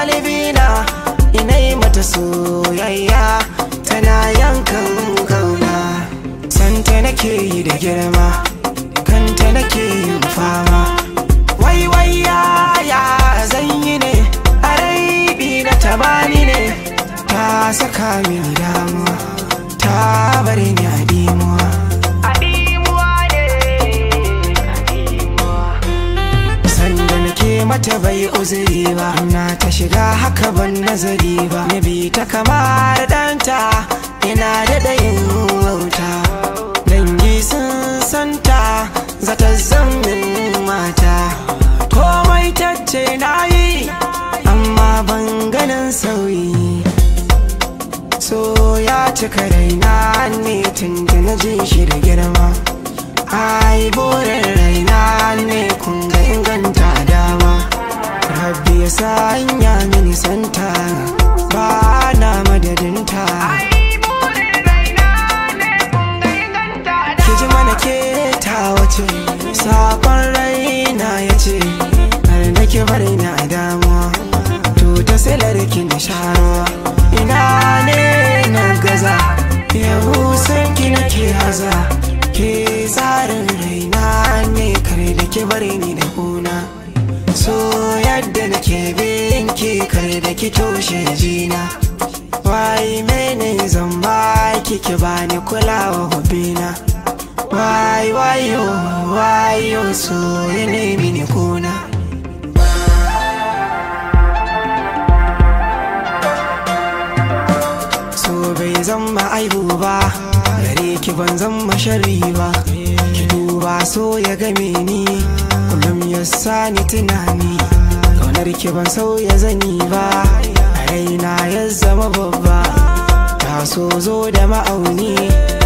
ɗalibina inai mata soyayya tana yankan kauna santa nake yi da girma kanta nake yin fama mata bai uzuri ba na ta shiga haka ban nazari ba na bi ta kamar danta ina da dayin wauta dangi sun santa zata zammin mata komai tacce na yi amma ban ganin sauyi so ya cika raina ne tun da na ji shi da girma ai burin raina ne ya sanya mini santa ba na madadinta kiji ji mana ke ta wace raina ya ce har da ki bari na damuwa to ta silar ki na sharo ina ne na gaza yau san ki nake haza ke tsarin raina ne kare da ki bari ni da ku ke in ki kar da ki toshe jina wai mene zan ba ki ki bani kulawa hubina wai wai, wai, yo so ne mini kuna so bai zama aibu ba gare ki ban zan ma sharri ba ki duba so ya game ni kullum ya sani tunani barki ban sauya zani ba raina ya zama babba so zo da ma'auni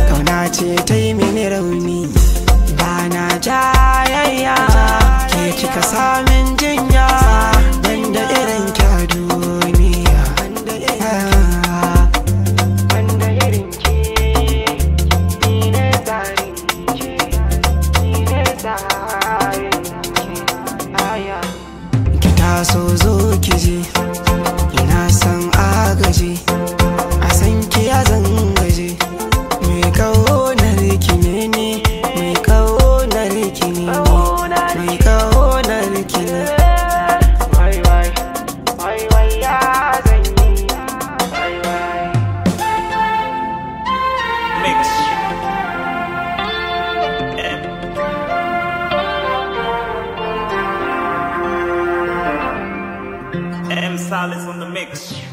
kauna ce ta yi mini rauni ba na jayayya ke kika sami so zo ki ji silence on the mix.